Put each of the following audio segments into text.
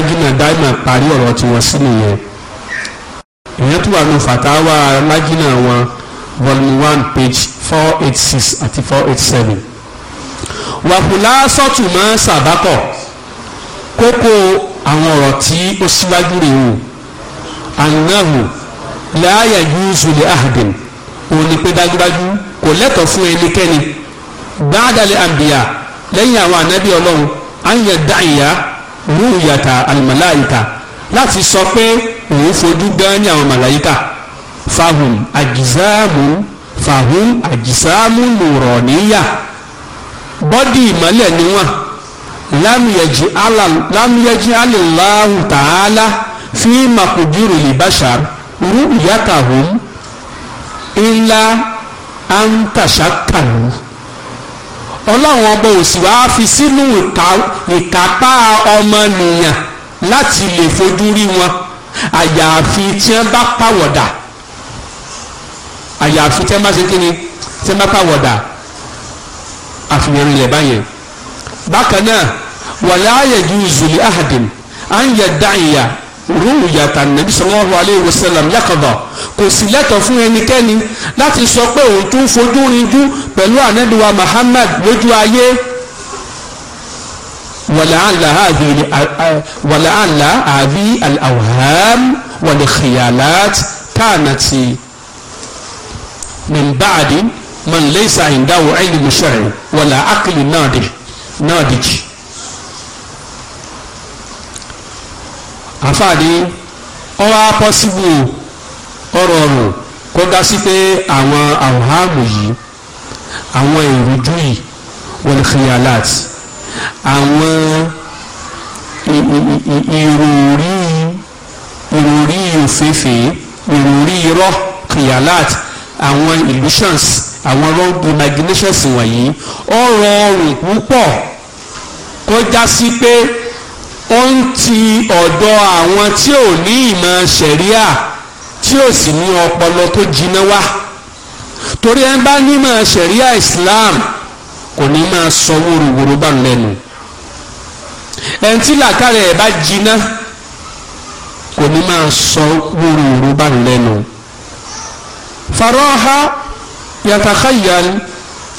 lajina dáìmà parí ọ̀rọ̀ tiwọn sí nìyẹn ìyẹn tó wà ní fatawa lajina wọn volume one page four eight six àti four eight seven wàhùlá sọ́tùmọ́ sàbákọ̀ kókó àwọn ọ̀rọ̀ tí ó síwájú rè wò ànáhù láàyè yúùsù lè àhàdìn òun pé dájúdájú kò lẹ́tọ̀ọ́ fún ẹnikẹ́ni gbáàdàlẹ̀ àbíyà lẹ́yìn àwọn ànábì ọlọ́run àyẹ̀ dáìyà rúùyàtà àlùmọ̀láyìkà láti sọ pé òun fojú gan ní àwọn màláyìkà fahum àjìsáàmù fahum àjìsáàmù nùrọ̀níyà bọ́dì ìmọ́lẹ̀ ni wọ́n lámìyẹjì alìláhù tààlà fi màkùdírù ìbáṣà rúùyàtà hùm ńlá àǹtàṣàkàlù ọlọ́run ọba òsì wá fi sínú ìkápá ọmọnìyàn láti lè fojú rí wọn àyàfi tí wọ́n bá pàwọ̀dà àyàfi tí wọ́n bá ṣe kí ni tí wọ́n bá pàwọ̀dà àfihàn ilẹ̀ báyẹn bákan náà wàlẹ́ àyẹ̀jú ìzùlẹ̀ àhàdìm à ń yẹ dáìyà rúùyàtà nàbí sallallahu alayhi wa sallam yàkọ̀dọ̀ kò sì lẹ́tọ̀ fún ẹnikẹ́ni láti sọ pé òun tún fojú rinjú pẹ̀lú ànábìwá Muhammad lójú ayé wàlàhàlà àbí al-awham wal-khiyalat kánàtì min ba'di man laysa indahu ilmu shar'i wala aqli nadij. àfààní ọwọ́ apọ́síbù ọ̀rọ̀ ọ̀rùn kó dá sí pé àwọn àwòhámù yìí àwọn ìrújú yìí wal khiyalat àwọn ìròrí ìròrí òféèfé ìròrí irọ́ khiyalat àwọn illusions àwọn wrong imaginations wọ̀nyí ọ̀rọ̀ ọ̀rùn púpọ̀ kó já sí pé ó ń ti ọ̀dọ̀ àwọn tí ò ní ìmọ̀ ṣẹ̀ríà tí ò sì ní ọpọlọ tó jiná wá torí ẹ bá nímọ̀ ṣẹ̀ríà Islam kò ní máa sọ wóróworó bá lẹ́nu ẹni tí làkàrẹ̀ ẹ̀ bá jiná kò ní máa sọ wóróworó bá lẹ́nu faraha yàtàkàyàn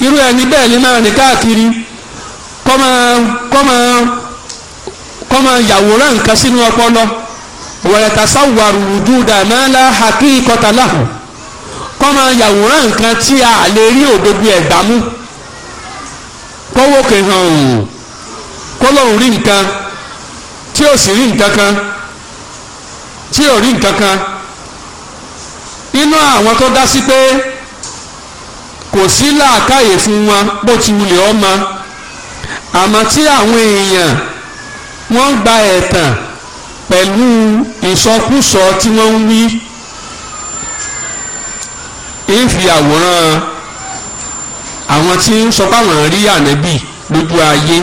irú ẹni bẹ́ẹ̀ ni máa ní káàkiri kọ́mọ kọ́mọ. kọ́ máa yàwòrán nǹkan sínú ọpọlọ wọ̀yẹ̀tàsáwàrù wùdúdà máa lá hakí kọta láhùn kọ́ yàwòrán nǹkan tí a lè rí òdodo ẹ̀gbá mú kọ́wọ́ kẹhàn ọ̀hún kó lóun rí nǹkan tí ó sì rí nǹkan kan tí ó rí nǹkan kan inú àwọn tó dá sí pé kò sí làákàyè fún wọn bó ti wulẹ̀ ọ́ ma àmọ́ tí àwọn èèyàn wọ́n ń gba ẹ̀tàn pẹ̀lú ìsọkúsọ tí wọ́n ń wí ìfi àwòrán àwọn tí ń sọ páwọn rí ànábì lójú ayé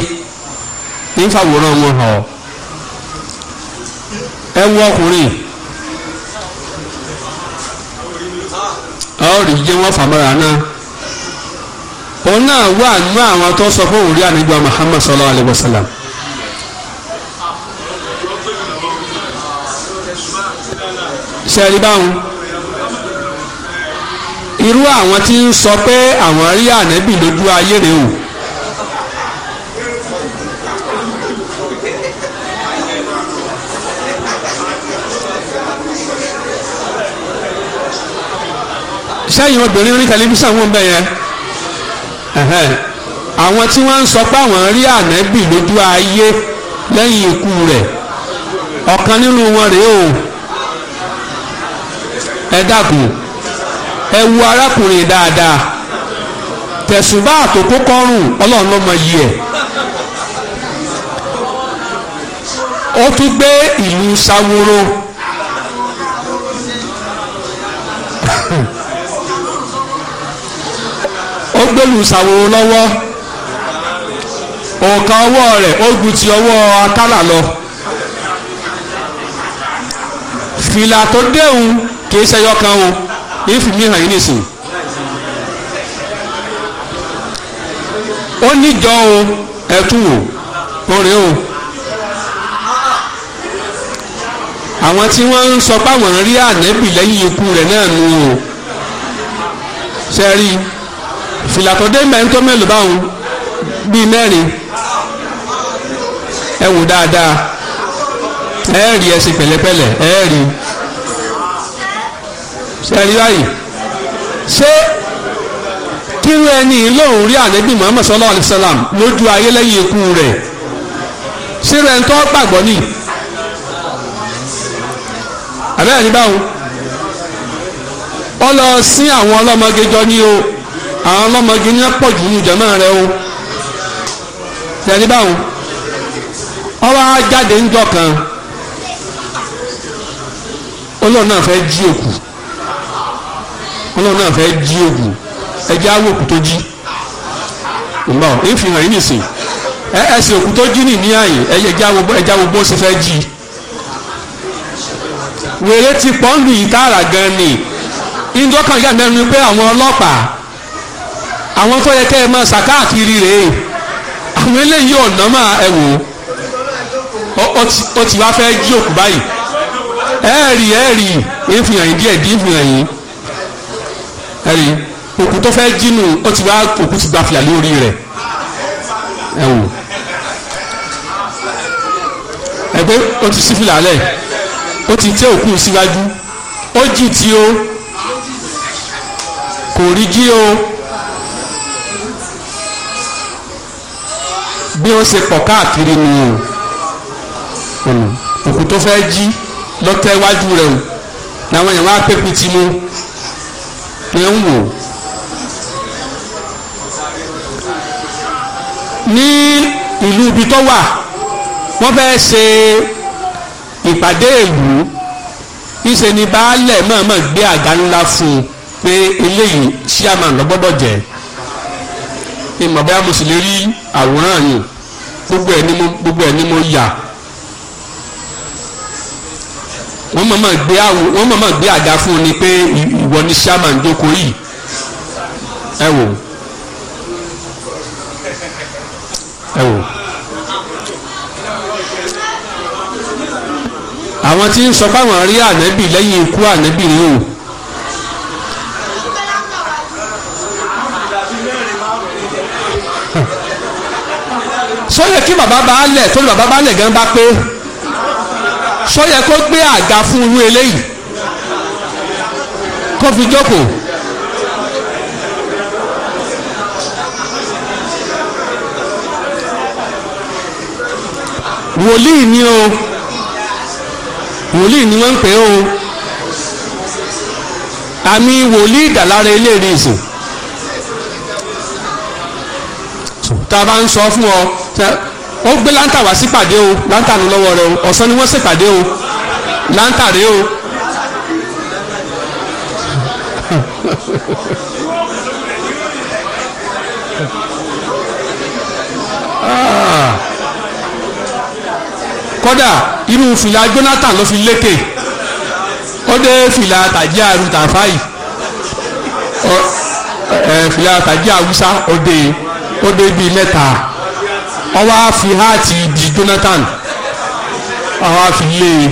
ìfàwòrán wọn hàn ẹ wọ ọkùnrin ọ̀rì jẹ́ wọ́n fàmọ́ra náà òun náà wà nínú àwọn tó sọ fún òun rí ànábì Muhammad sallallahu alayhi wa sallam. sẹ́ẹ̀rí báwọn irú àwọn tí ń sọ pé àwọn rí ànẹ́bì lójú ayé rèé o. sẹ́yìn obìnrin ní tẹlifíṣàn wọn bẹ̀ yẹn àwọn tí wọ́n ń sọ pé àwọn rí ànẹ́bì lójú ayé lẹ́yìn ikú rẹ̀ ọ̀kan nínú wọn rèé o. ẹ dàkú ẹ wu arákùnrin dáadáa tẹ̀sùbá àtòkó kọ́rùn ọlọ́run mọ ẹ̀ ó tún gbé ìlú Saworo ó gbé ìlú Saworo lọ́wọ́ òǹkà ọwọ́ rẹ̀ ó gùn ti ọwọ́ akálà lọ fìlà tó déhùn. kì í ṣẹyọ kan o ìfì mi hàn yín nìsín. ó níjọ o ẹtù o orin o àwọn tí wọ́n ń sọ páwọn rí ànẹ́bì lẹ́yìn ikú rẹ̀ náà nù o ṣe rí filatọdé mẹ́ńtọ́ mélòó báwọn bíi mẹ́rin ẹ wò dáadáa ẹ rí ẹsìn pẹ̀lẹ́pẹ̀lẹ́ ẹ rí i sẹ́rí báyìí ṣé kírú ẹni lóun rí ànábì muhammed sallallahu alayhi wa sallam lójú ayé lẹ́yìn ikú rẹ̀ ṣé rẹ̀ ń tọ́ gbàgbọ́ ni àbẹ́rẹ́ ní báwo ọ lọ sí àwọn ọlọ́mọge jọ ní o àwọn ọlọ́mọge ní pọ̀ jù ní jàmáà rẹ o tẹ̀lé báwo ọba jáde ńjọ kan olóòórùn náà fẹ́ jí òkú ọlọ́run náà fẹ́ jí òkú ẹjẹ́ àwọn òkú tó jí ǹgbọ́ ìfihàn yìí nìsín ẹ ẹsẹ̀ òkú tó jí nìní àyè ẹjẹ́ àwọn bó ṣe fẹ́ jí wèrè ti pọ́ńdù ìtara gan ni ìjọkàn yà mẹ́rin pé àwọn ọlọ́pàá àwọn tó yẹ kẹ́ ẹ máa ṣàkáàkiri rèé àwọn eléyìí ọ̀nà máa ẹ wò ó ti wá fẹ́ jí òkú báyìí ẹ̀ẹ́rì ẹ̀ẹ́rì ìfihàn yìí díẹ̀ díẹ̀ ìfihàn yìí ẹ̀rí òkú tó fẹ́ jínú ó ti wá òkú ti gba fìlà lórí rẹ̀ ẹ wò ẹgbẹ́ ó ti sí fìlà lẹ̀ ó ti tẹ́ òkú síwájú ó jì tí ó kò rí jí ó bí ó ṣe pọ̀ káàkiri nù ọ̀nà òkú tó fẹ́ jí lọ́tẹ́ iwájú rẹ̀ o làwọn èèyàn wá pépì tí mo pé ń wò ní ìlú ibi tó wà wọ́n fẹ́ ṣe ìpàdé ìlú ìṣe ni baálẹ̀ mọ̀ọ́mọ̀ gbé àga ńlá fún un pé eléyìí chairman ló gbọ́dọ̀ jẹ́ ìmọ̀ bóyá mo sì lè rí àwòrán yìí gbogbo ẹ̀ ni mo yà wọ́n mọ̀mọ́ gbé àwò wọ́n mọ̀mọ́ gbé àga fún un ni pé ìwọ ni sherman jókòó yìí ẹ wò ẹ wò. àwọn tí ń sọ fáwọn rí ànábì lẹ́yìn ikú ànábì rí o. sọ́yẹ́ kí bàbá baálẹ̀ tó ní bàbá baálẹ̀ gan bá pé sọ yẹ kó gbé àga fún irú eléyìí kó fi jókòó. wòlíì ni o wòlíì ni wọ́n ń pè o àmì wòlíì ìdàlára eléèrè ìsìn tá a bá ń sọ fún ọ ó gbé láńtà wá sípàdé o lanta ní lọ́wọ́ rẹ o ọ̀sán ni wọ́n ṣèpàdé o láńtà rẹ o. kódà irú fìlà Jonathan ló fi lékè ó dé fìlà tàjí àrùn tàfáì fìlà tàjí àwùsá ó dé ó dé bíi mẹ́ta ọwọ́ àfi háàtì di Jonathan ọwọ́ àfi lé e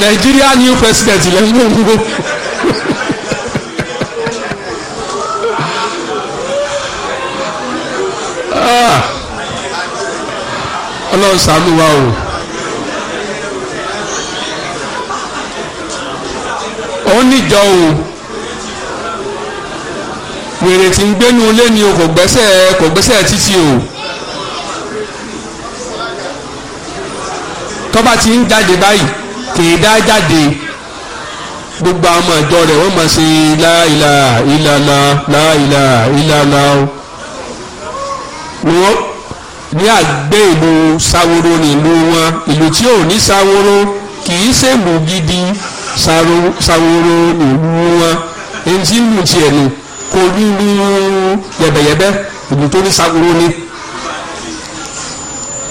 Nàìjíríà new president lẹ́yìn òwúrò. Ah. Ọlọ́run ṣàánú wa o. òun níjọ o wèrè tí ń gbénu ilé ni o kò gbẹ́sẹ̀ kò gbẹ́sẹ̀ títí o tọ́ba ti ń jáde báyìí kì dá jáde gbogbo ọmọ ìjọ rẹ̀ wọ́n mọ̀ sí láìlà ìlànà láìlà ìlànà o wọ́n ní àgbé ìlú Saworo ní ìlú wọn ìlú tí ò ní Saworo kì í ṣèlú gidi Saworo ní ìlú wọn èyí tí ń lù tiẹ̀ ni kò ríru yẹ̀bẹ̀yẹ̀bẹ̀ ògùn tó ní sagoro ni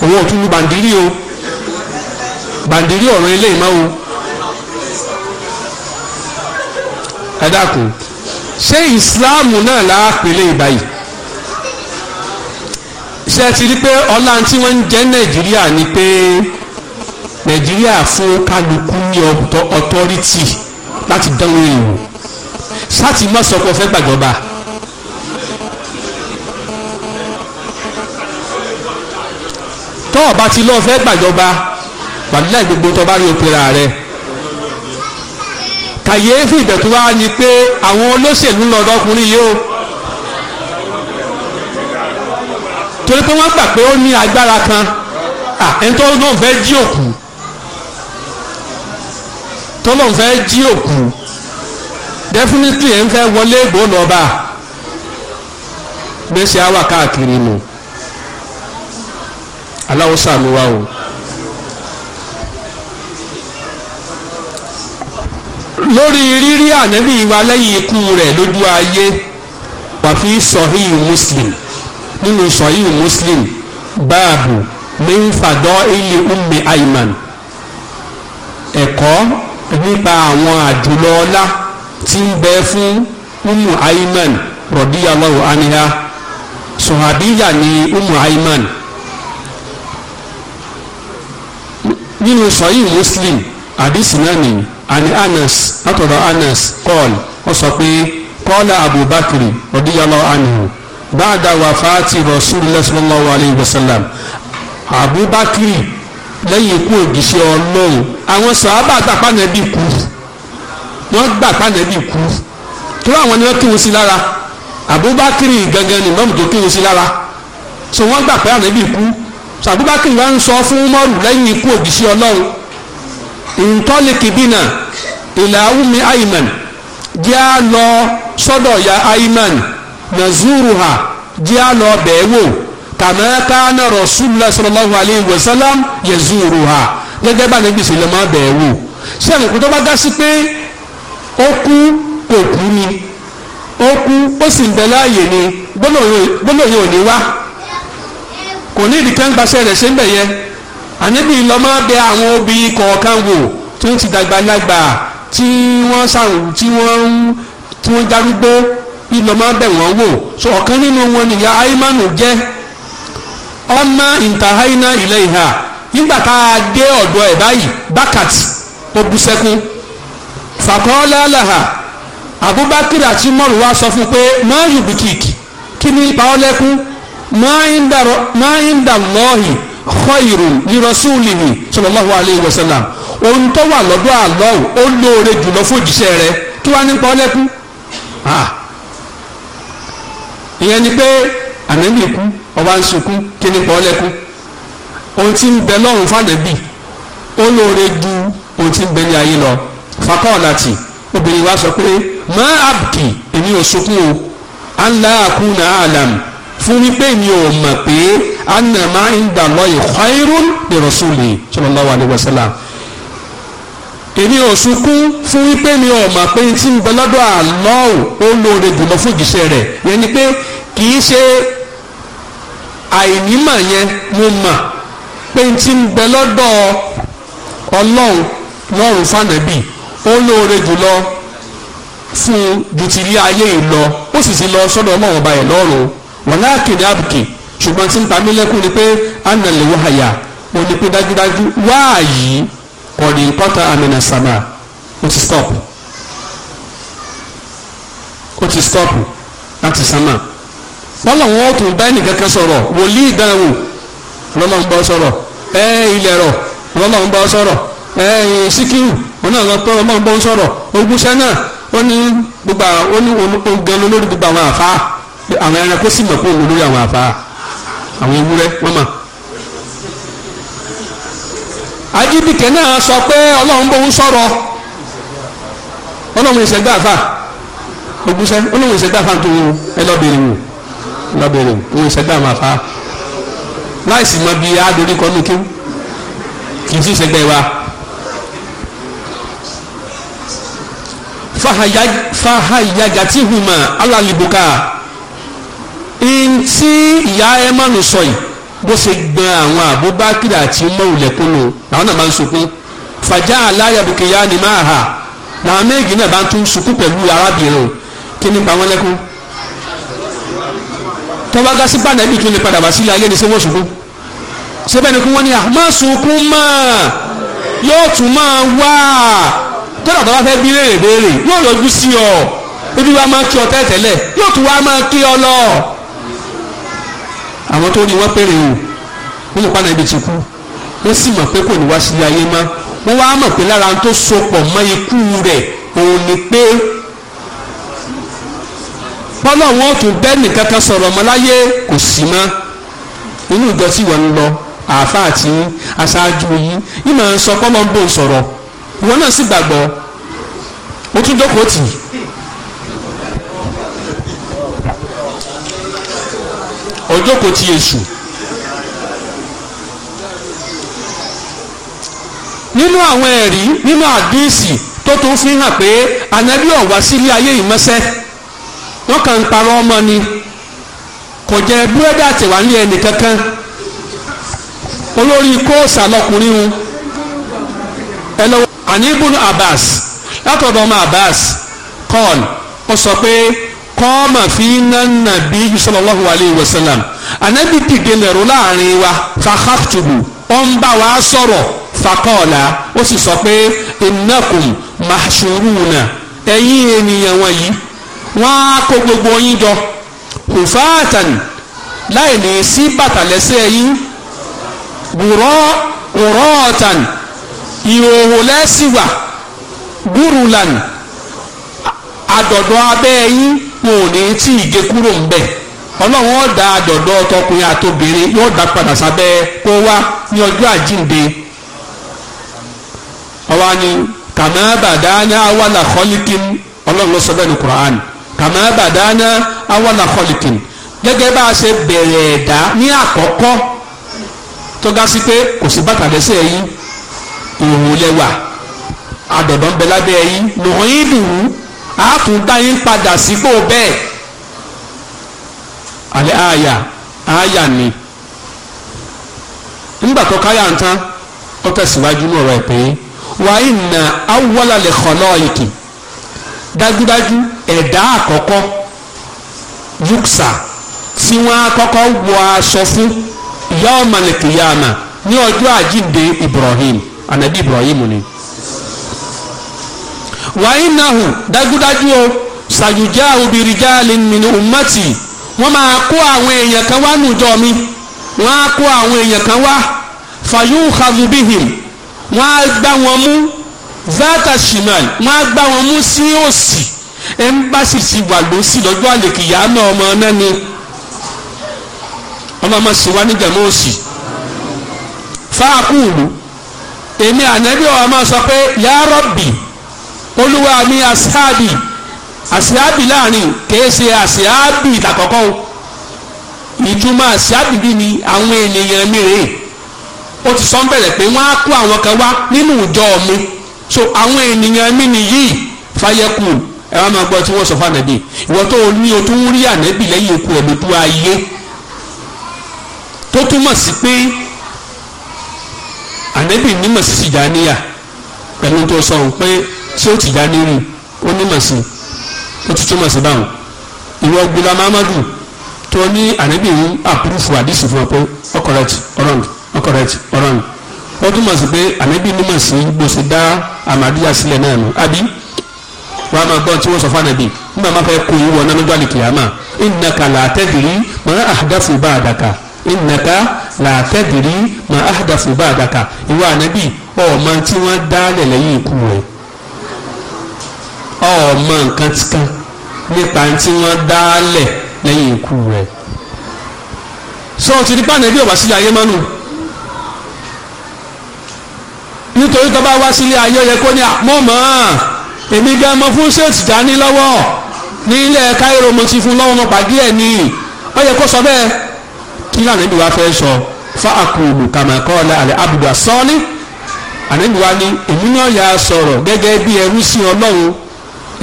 òun ò tún lu bàǹdírí o bàǹdírí ọ̀rọ̀ ilé ìmọ̀ o ẹ dákun ṣé ìsìláàmù náà là á pèlè ìbáyìí ṣé ẹ ti rí pé ọlá tí wọ́n ń jẹ́ nàìjíríà ni pé nàìjíríà fún kálukú ní ọtọ́rítì láti dánwó ìwò sátì má sọ pé o fẹ́ gbàjọba. tọ́ ọba ti lọ́ọ́ fẹ́ gbàjọba wàlúùláì gbogbo tó bá rí òpèrà rẹ̀ kàyééfì ìbẹ̀tú wá ni pé àwọn olóṣèlú lọ́dọ̀ ọkùnrin yìí o torí pé wọ́n gbà pé ó ní agbára kan ẹni tó lóun fẹ́ jí òkú tó lóun fẹ́ jí òkú definitely ẹ̀ ń fẹ́ wọlé ègbò lọ́ba gbèsè àwà káàkiri nù aláwo sàmì wa o. lórí rírí ànábì wa lẹ́yìn ikú rẹ̀ lójú ayé wàfi sọ̀híì muslim nínú sọ̀híì muslim báàbù mẹ́fàdọ́ ilé ummi ayman ẹ̀kọ́ nípa àwọn àjùlọ ọlá tí ń bẹ fún umu aiman rọdíyàlọ́wù aniha sọ̀hàbíyà ni umu aiman nínú sọ̀yìn muslim àdìsí náà ni àní anas látọ̀dọ̀ anas kọ́ọ̀lù ó sọ pé kọ́ọ̀lù abubakar rọdíyàlọ́wù anihu báàdà wàfáàtì rasulillah sallallahu alayhi wa sallam abubakar lẹ́yìn ikú òjíṣẹ́ ọlọ́run àwọn sàábà tàpá nàbí kú wọ́n gbà pàdébì kú tó àwọn ni wọ́n kírun sí lára Abubakar gangan ni mọ́mù tó kírun sí lára so wọ́n gbà pé ànábì kú so Abubakar wa ń sọ fún Umaru lẹ́yìn ikú òjíṣẹ́ Ọlọ́run ntọ́lẹ̀kì bínà ìlàwùmí Ayman jẹ́ à lọ sọ́dọ̀ ya Ayman nazuruha jẹ́ à lọ bẹ̀ẹ́ wò kàmáká náà Rasulullah sallallahu alayhi wa sallam yazuruha gẹ́gẹ́ bá níbi ìṣẹ̀lẹ̀ máa bẹ̀ẹ́ wò sẹ́yìn kó tó bá dá sí pé. ó kú kò kú ni ó kú ó sì ń bẹ láàyè ni gbólóyè ò ní wá kò ní ìdí kẹ́ńgbàṣẹ́ rẹ̀ ṣe ń bẹ̀ yẹ ànábì lọ máa bẹ àwọn obìnrin kọ̀ọ̀kan wò tí wọ́n ti dàgbà lágbà tí wọ́n ṣàrùn tí wọ́n ń tí wọ́n darúgbó ìlọ máa bẹ̀ wọ́n wò so ọ̀kan nínú wọn nìyá aimanu jẹ́ ọmọ ìntàháínà ilẹ̀ ìhà nígbà tá a dé ọ̀dọ̀ ẹ̀ báyìí bákàtì ó bú sẹ́kún fàkọ́ọ́lá làhà abubakar àti mọ́rù wá sọ fún pé máa yù bìkìkì kí ni ìpàwọ́ máa ń dà lọ́ọ̀hìn khairun li rasulihi sallallahu alayhi wa sallam ohun tó wà lọ́dọ̀ lóore jùlọ fòjíṣẹ́ rẹ̀ kí ọba lóore ju fakọ́ọ̀láti obìnrin wa sọ pé má abdi èmi ò sunkún o allah akuna alam fún wípé mi ò mọ̀ pé anna ma inda Allahi khairun li rasuli sallallahu alayhi wa sallam èmi ò sunkún fún wípé mi ò mọ̀ pé tí ń bẹ lọ́dọ̀ Allah ó lóore jùlọ fún ìjíṣẹ́ rẹ̀ yẹn ni pé kì ṣe àìnímọ̀ yẹn mo mọ̀ pé tí ń bẹ lọ́dọ̀ ọlọ́run lọ́rùn fànàbì ó lóore jùlọ fún bùtìrí ayé yìí lọ ó sì ti lọ sọdọ ọmọ ọba ẹ̀ lọ́rùn wọn náà àbùkì ṣùgbọ́n tí ń pa mí lẹ́kùn ni pé ànàlẹ́ wáhàyà mo ní pé dájúdájú wáàyí ọ̀rìn pátá àmìnà sàmà ó ti stop ó ti stop láti sàmà wọ́n ó tún bá ẹnìkankan sọ̀rọ̀ wòlíì ìdánwò lọ́lọ́run sọ̀rọ̀ ilẹ̀ rọ̀ òun náà lọ pé ọlọ́run bó ń sọ̀rọ̀ ogúnṣẹ́ náà ó ní gbogbo ó ní ogan lórí gbogbo àwọn àfa àwọn ẹranko sì mọ̀ fún òun lórí àwọn àfa àwọn ewúrẹ́ wọ́n mọ̀. ajíbìkẹ́ náà sọ pé ọlọ́run bó ń sọ̀rọ̀ ọlọ́run ìṣẹ̀gbà àfa ogúnṣẹ́ ọlọ́run ìṣẹ̀gbà àfa tó ẹ lọ́bẹ̀rẹ̀ wò lọ́bẹ̀rẹ̀ wò òun ìṣẹ̀gbà àwọn àfa láìsí mọ bí adórí kọ́nù kéwù kì í sì ṣẹgbẹ́ wa. fahayajatihuma alalibuka ntí ìyá ẹmọ́nù sọ yìí bó ṣe gbọn àwọn Abubakar àti mọ́wùlẹ́kùnú làwọn náà máa ń sunkún fàjà aláyàbùkẹ́yà ni máa hà làwọn méjì náà bá ń tún sunkún pẹ̀lú arábìnrin kí ni pa wọ́n lẹ́kún tọ́ba gasi bàdà ibi tún lè padà wá sílé ayé ni ṣé wọ́n sunkún ṣé bẹ́ẹ̀ ni kí wọ́n ní àmọ́ sunkún mọ́ yóò tún máa wá kódà tó bá fẹ́ bí léèrè béèrè yóò yọjú sí ọ ibi wa máa kí ọ tẹ́tẹ́lẹ̀ yóò tún wá máa kí ọ lọ. àwọn tó ní wọ́n péré o wọ́n mọ̀ pa náà ibi ti kú wọ́n sì mọ̀ pé kò ní wá sí ayé má wọ́n wá mọ̀ pé lára tó so pọ̀ mọ́ ikú rẹ̀ òun ni pé bọ́lá wọn tún bẹ́ẹ̀ nìkan kan sọ̀rọ̀ ọmọ kò sí mọ́ inú ìjọ tí wọ́n ń lọ àáfàá tí aṣáájú yìí ìmọ̀ ń sọ kọ́ ń bò ń sọ̀rọ̀ ìwọ náà sì gbàgbọ́ ó tún jókòó tì í. ọjọ́ kò ti èṣù nínú àwọn ẹ̀rí nínú àdíìsì tó tún fi hàn pé ànábì ò wá sílé ayé ìmọ́sẹ́ wọ́n kàn ń parọ́ ọmọ ni kò jẹ búrẹ́dì àtẹ̀wá ní ẹnì kankan olórí kóòsà lọkùnrin un ẹ lọ́wọ́ àní ibùnú abbas látọ̀dọ̀ ọmọ abbas kọ́ọ̀n ó sọ pé kọ́ọ̀mà fi nánà bí sallallahu alayhi wa sallam ànábì dìde lẹ̀rú láàrin wa fàkàtùbù ó ń bá wa sọ̀rọ̀ fàkọ́ọ̀là ó sì sọ pé innakum mahshuruna ẹ̀yin ènìyàn wọ̀nyí wọ́n á kó gbogbo yín jọ hufatan láì ní sí bàtà lẹ́sẹ̀ yín wùrọ́ wùrọ́ọ̀tàn ìhòòhò lẹ́sìn wà gúrùlàn àdọ̀dọ̀ abẹ́ yín wọn ní tí ì kúrò ń bẹ̀ ọlọ́run ó àdọ̀dọ̀ ọtọkùnrin àtobìnrin yóò dá padà sábẹ́ kó wá ní ọjọ́ àjíǹde ọwọ́ ni kàmá bàdáná awàlà kọ́líkìn ọlọ́run sọ bẹ́ẹ̀ ní kàmá bàdáná òun lẹ́wà àdọ̀dọ̀ ń bẹ lábẹ́ yín lòun yín dùn á tún dá yín padà sípò bẹ́ẹ̀ àlẹ́ àyà àyà ni nígbà tó káyà ń tán ó pé wà á nà lè náà ìkì dájúdájú yuksa tí wọ́n á kọ́kọ́ wọ aṣọ fún yawmal ní Ibrahim anabi ibrahim ni. wàyí nahu dájúdájú o sàjùjá obìnrinjá lè nínú ummati wọ́n máa kó àwọn èèyàn kan wá nùjọ mi wọ́n á kó àwọn èèyàn kan wá fayún khazubihim wọ́n á gbá wọn mú zata shimal wọ́n á gbá wọn mú sí òsì ẹ̀ńbàṣì ti wà lọ́sì lọ́jọ́ àlèkìyà náà ọmọ náà ni ọlọ́mọ sì wá níjàmọ́ òsì fáakúùlù èmi ànábì wa máa sọ pé ya olúwa mi asiabi asiabi láàrin kìí ṣe asiabi lákọ̀ọ́kọ́ o ìtumọ̀ asiabi bí ni àwọn ènìyàn mi rèé ti sọ ń bẹ̀rẹ̀ pé wọ́n á kó àwọn kan wá nínú ìjọ mi so àwọn ènìyàn mi nìyí ẹ wá máa gbọ́ tí wọ́n sọ fún ànábì tó ní o tún rí ànábì lẹ́yìn ikú ànábì nímọ̀ sí tìjàníyà pẹ̀lú tó sọ pé tí ó tìjàní rí ó nímọ̀ sí ó ti túmọ̀ sí báwọn ìwọ gbìlá mahamadu tó ní ànábì ń àpúrúfù àdìsí fún ọ pé ọkọrẹtì ọrọǹdì ọkọrẹtì ọrọǹdì ó túmọ̀ sí pé ànábì nímọ̀ sí bó ṣe dá àmàdíyà sílẹ̀ náà nù àbí wàá máa gbọ́ tí wọ́n sọ fún ànábì nígbà máa fẹ́ kó ìwọ náà nígbà lè kìyàmà ìnàkàlà àtẹ́bìrí mọ́ àdáfò bá àdàkà ìnàká làtẹ́dìrí mà áhàdàfù bá àdàkà ìwà ànábì ọ̀ọ́mọ tí wọ́n dálẹ̀ lẹ́yìn ikú rẹ̀ ọ̀ọ́mọ nǹkan kan nípa tí wọ́n dálẹ̀ lẹ́yìn ikú rẹ̀ sọ ti di pàànà bí ọ̀bà sílẹ̀ ayé mọ́nu nítorí tó bá wá sílé ayé yẹ kó ní àmọ́ mọ́ èmi gan mọ fún ṣéètì dání lọ́wọ́ ní káírò mo ti fún lọ́wọ́ mo pàdé ẹ̀ ní ó kó sọ bẹ́ẹ̀. kí lànà ìdíwà fẹ́ sọ fáàkùlù kàmàkọ́ọ̀lá àlẹ́ abudu asọ́ọ́lì ànẹ́bíwá ni èmi náà yà á sọ̀rọ̀ gẹ́gẹ́ bí ẹrú sí ọlọ́run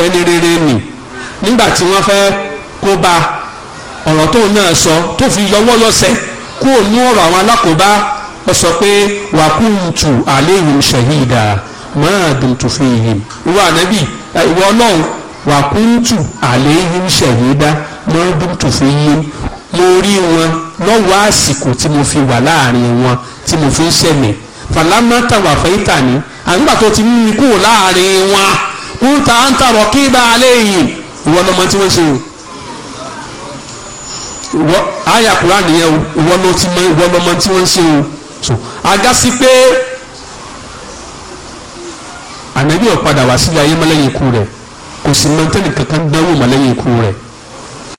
ẹni rere nì nígbà tí wọ́n fẹ́ kó ba ọ̀rọ̀ tó náà sọ tó fi yọwọ́ yọsẹ̀ kúrò ní ọ̀rọ̀ àwọn alákòóbá ó sọ pé wàkúntù àléhùn ṣẹ̀yìdà máa dùn tó fi yìí ìwọ ànẹ́bí ìwọ ọlọ́run wàkúntù àléhùn ṣẹ̀yìdà máa dùn tó fi yìí mo wọn lọ́wọ́ àsìkò tí mo fi wà láàrin wọn tí mo fi ń ṣẹ̀mí fàlámátà fẹ́yìntà ni àgbà tó ti mímí kúrò láàrin wọn ń ta ń tàrọ kí bá a léyìn ìwọ lọmọ tí wọ́n ṣe o ìwọ àyà kúrán nìyẹn o ìwọ lọmọ tí wọ́n ṣe o so agasi pé ànábì ó padà wá sílé ayé mọ́lẹ́yìn ikú rẹ̀ kò sì mọ́tẹ́nì kankan dánwò mọ́lẹ́yìn ikú rẹ̀.